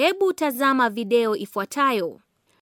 Hebu tazama video ifuatayo.